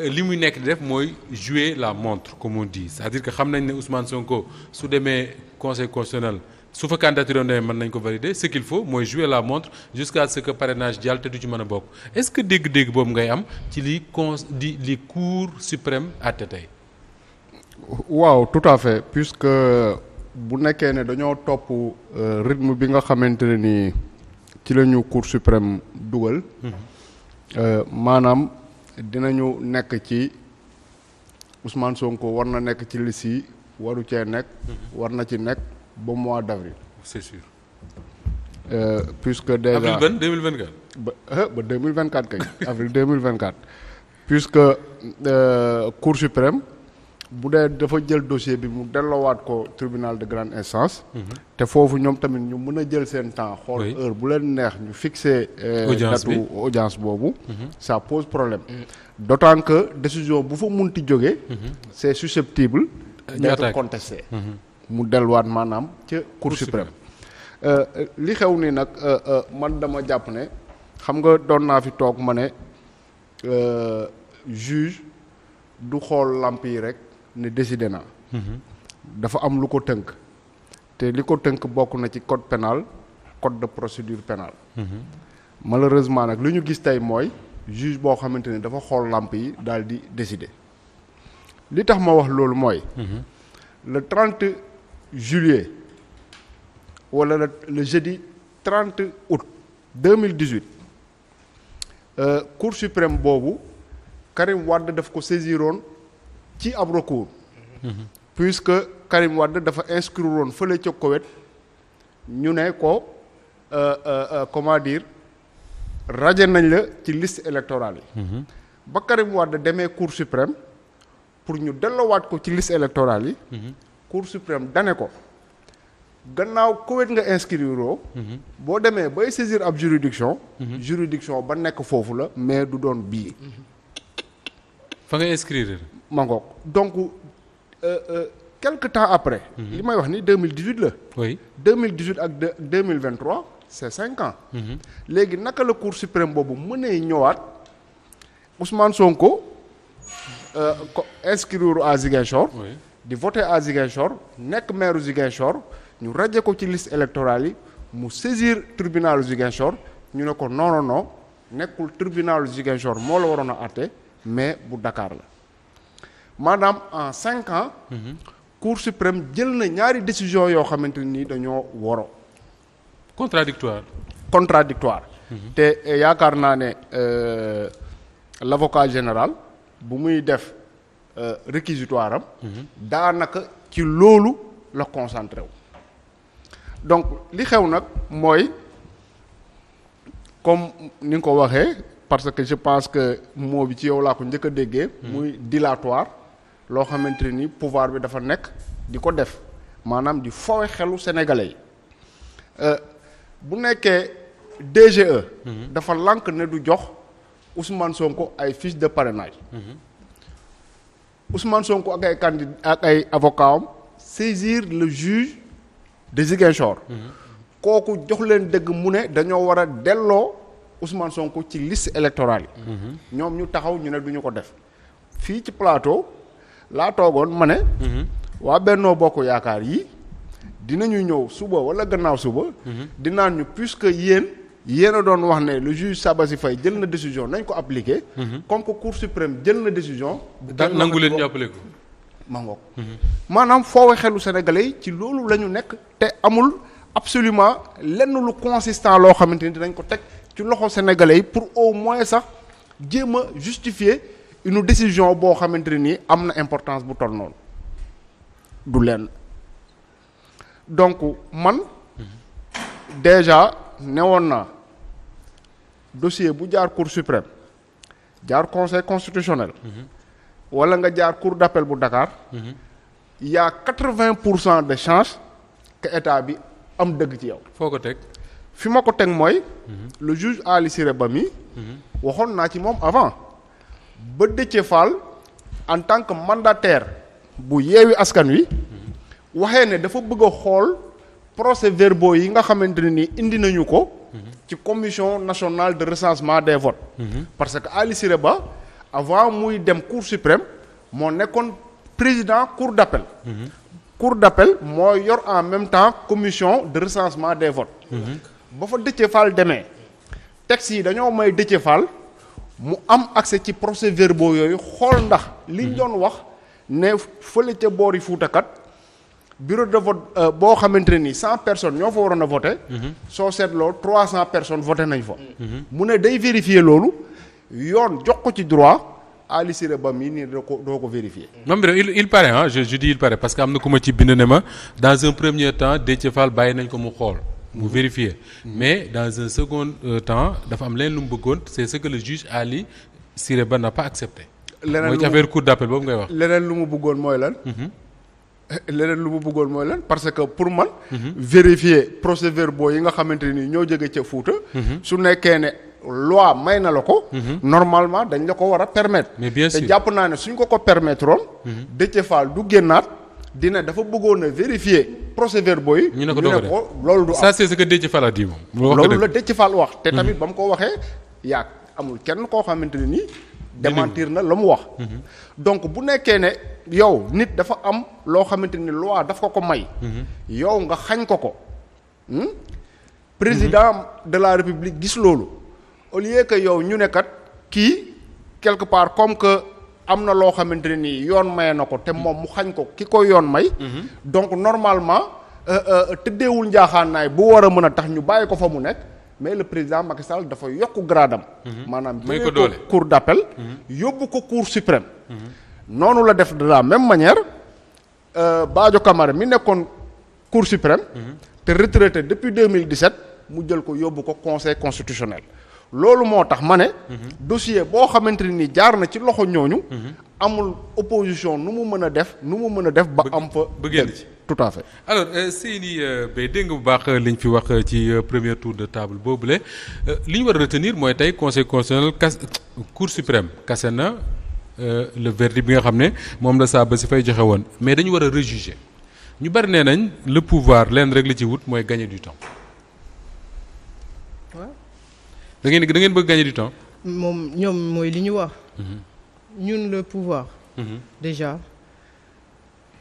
Euh, li muy nekk di def mooy jouer la montre comme on di cest dire que xam nañ ne Ousmane Sonko su demee conseil constitutionnel su fa candidature yoon mën nañ ko valider ce qu'il faut mooy jouer la montre jusqu'à ce que parrainage jàll te du ci mën a bokk est-ce que dégg-dégg boobu ngay am ci li con di li cour suprême àtte tey. waaw tout à fait puisque bu nekkee ne dañoo topp euh, rythme bi nga xamante ne ni ci la ñu cour suprême dugal. Mhm. Euh, maanaam. dina dinañu nekk ci Ousmane Sonko war na nekk ci liste waru cee nekk. Mhm. war na ci nekk ba mois d'avril. c'est sûr. Euh, puisque déjà avril benn 2024. ba ah ba 2024 kay avril 2024 puisque euh, Cour suprême. bu dee dafa jël dossier bi mu delloowaat ko tribunal de grande instance. te foofu ñoom tamit ñu mën a jël seen temps. xool heure bu leen neex ñu fixer. Euh, audience datu audience boobu. Mhm. ça pose problème. d' que décision bu fa munti jóge mhm. c' est susceptible. Euh, d' être mhm. mu delluwaat maanaam ca cour suprême. Euh, li xew ni nag man dama jàpp ne xam nga doon naa fi toog ma ne juge du xool làmp yi rek. ne décidé na mhm. dafa am lu ko tënk te li ko tënk bokk na ci code pénal code de procédure pénale mhm. malheureusement nag li ñu gis tey mooy juge boo xamante ne dafa xool làmp yi daal di décider li tax ma wax loolu mooy mhm. le 30 juillet wala le le jeudi 30 août 2018 euh, cour suprême boobu Karim Wade daf ko saisiroon ci ab recours puisque Karim Wade dafa inscrire woon fële ca kowet ñu ne ko euh, euh, euh, comment dire raje nañ la ci liste électorale yi ba Karim Wade demee cour suprême pour ñu delloowaat ko ci liste électorale yi cour suprême dane ko gannaaw kowet nga inscrire boo demee bay saisir ab juridiction juridiction ba nekk foofu la mais du doon bii fa nga inscrire mangook donc euh, euh, quelque temps après. Mhm. li may wax ni 2018 la. oui 2018 ak deux 2023 c'est cinq ans. Mhm. léegi naka la cour suprême boobu mënee ñëwaat Ousmane Sonko euh, ko inscrire à Ziguinchor. di voter à Ziguinchor nekk maire Ziguinchor ñu raje ko ci liste électorale yi mu saisir tribunal Ziguinchor ñu ne ko non non non nekkul tribunal Ziguinchor moo la waroon a àtte mais bu dakaar la. maanaam en cinq ans. Mhm. cour suprême jël na ñaari décision yoo xamante nii dañoo woro contradictoire contradictoire mhm. te eh, yaakaar naa ne euh, l' avocat général bu muy def euh, réquisitoire am. Mhm. daanaka ci loolu la concentré wu. donc li xew nag mooy comme ni nga ko waxee parce que je pense que mot bi ci yow laa ko njëkk a déggee. muy dilatoire. loo xamante ni pouvoir bi dafa nekk di ko def maanaam di fowe xelu sénégalais yi euh, bu nekkee DGE. Mhm. dafa lànk ne du jox Ousmane Sonko ay fiche de parrainage. Mhm. Ousmane Sonko ak ay candidat ak ay avocat am le juge de Ziguinchor. Mhm. kooku jox leen dëgg mu ne dañoo war a delloo Ousmane Sonko ci liste électorale yi. ñoom ñu taxaw ñu ne duñu ko def fii ci plateau. laa toogoon ma ne. Mhm. waa Bennoo Bokk Yaakaar yi dinañu ñëw suba wala gannaaw suba. Mhm. dinaan ñu puisque yéen. yéen a doon wax ne le juge Sabassi Faye jël na décision nañ ko appliqué. Mhm. comme que cour suprême jël na décision. daan nangu leen ñu appliqué ko. mangook maanaam foowe xelu sénégalais yi ci loolu lañu nekk te amul absolument lenn lu consistant loo xamante ni dinañ ko teg ci loxo sénégalais yi pour au moins sax jéem a justifier. une décision boo xamante ne nii am na importance bu toll noonu du leen donc man déjà newoon naa dossier bu jaar cour suprême jaar conseil constitutionnel. wala nga jaar cour d'appel bu Dakar. il quatre-vingts pour cent de change que état bi am dëgg ci yow. foo ko teg fi ma ko teg mooy. Mhm. le juge Ali Siré Ba mi mhm. waxoon naa ci moom avant. ba Déthié Fall en tant que mandataire bu yeewi askan wi waxee ne dafa bëgg a xool procès verbaux yi nga xamante ne ni indi nañu ko ci commission nationale de recensement des vote mhm. parce que Ali Siré Ba avant muy dem cour suprême moo nekkoon président cour d'appel mhm. cour d'appel moo yor en même temps commission de recensement des votes mhm. ba fa Déthié Fall demee texte yi dañoo may Déthié Fall mu am accès ci procès verbaux yooyu xool ndax liñ mhm. doon wax ne fële ca boori fuutakat bureau de vote euh, boo xamante ni cent personnes ñoo fa waroon a voté mhm. soo seetloo trois cent personnes voté nañ fa mhm. mu ne day vérifier loolu yoon jox ko ci droit Ali Siré Ba mii nii doo ko doo ko vérifier non mais il il paraît ah je il paraît parce que am na ku ma ci bind ne ma dans un premier temps Déthié Fall bàyyi nañ ko mu xool mu vérifier mais dans un second euh, temps dafa am leen lu mu bëggoon c'est ce que le juge Ali Siré Ba n'a pas accepté. leneen mooy ci affaire cour wax. leneen lu mu bëggoon mooy lan. Mhm. leneen lu mu bëggoon mooy lan parce que pour man. Mhm. vérifier procès verbaux yi nga xamante ni ñoo jóge ca Fuuta. Mhm. su nekkee ne loi may na la ko. normalement dañ la ko war a permettre. mais bien sûr te jàpp naa ne suñ ko ko permettre woon. Déthié Fall du génnaat dina dafa bëggoon vérifier. procès-verbaux yi. ñu ne ko doo ko def loolu du am ça c'est ce que Déthié Fall a dit moom. loolu la Déthié Fall wax. te mhm. tamit ba mu ko waxee yaa amul kenn koo xamante ne nii. démentir na la mu wax. Mhm. donc bu nekkee ne yow nit dafa am loo xamante ni loi daf ko ko may. Mhm. yow nga xañ ko ko. Hmm? président de la république gis loolu. au lieu que yow ñu ne kat kii quelque part comme que. am na loo xamante ne nii yoon may na ko te moom mu xañ ko ki ko yoon may. Mhm. donc normalement euh, euh, tëddeewul njaaxaanaay bu war a mën a tax ñu bàyyi ko fa mu nekk. mais le président Macky Sall dafa yokk gradam. Mhm. maanaam may ko doole cour d'appel. Mhm. yóbbu ko cour suprême. noonu la def de la même manière euh, Badio Camara mi nekkoon cour suprême. te retraité depuis 2017 mu jël ko yóbbu ko conseil constitutionnel. loolu moo tax ma ne. Mhm. dossier boo xamante nii jaar na ci loxo ñooñu. Mhm. amul opposition nu mu mën a def nu mu mën a def ba am fa. bëgg ci tout à fait. alors euh, Seyni euh, Beye dégg nga bu baax euh, liñ fi wax ci premier tour de table boobu le li ñu war a retenir mooy tey conseil constitutionnel cas cour suprême kase na le verdict bi nga xam ne moom la saa ba si fay joxe woon mais dañu war a rejuger ñu bari nee nañ le pouvoir leen rek li ci wut mooy gagner du temps. da ngeen da ngeen bëgg gagner du temps. moom ñoom mooy li ñu wax. Mhm. ñun le pouvoir. Mhm. déjà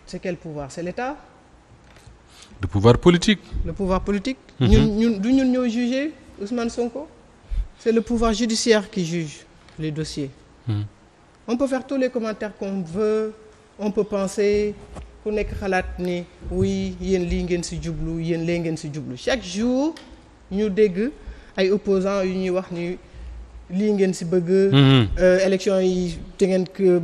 c'est quel pouvoir c'est l'État. le pouvoir politique. le pouvoir politique. Mhm. ñun ñun du ñun ñoo juger Ousmane Sonko. c'est le pouvoir judiciaire qui juge les dossiers. on peut faire tous les commentaires qu'on veut on peut penser ku nekk xalaat ni oui yéen lii ngeen si jublu yéen le ngeen si jublu chaque jour ñu dégg. ay opposants yu ñuy wax ni lii ngeen si bëgg. Mm-hmm. Euh, élection yi te ngeen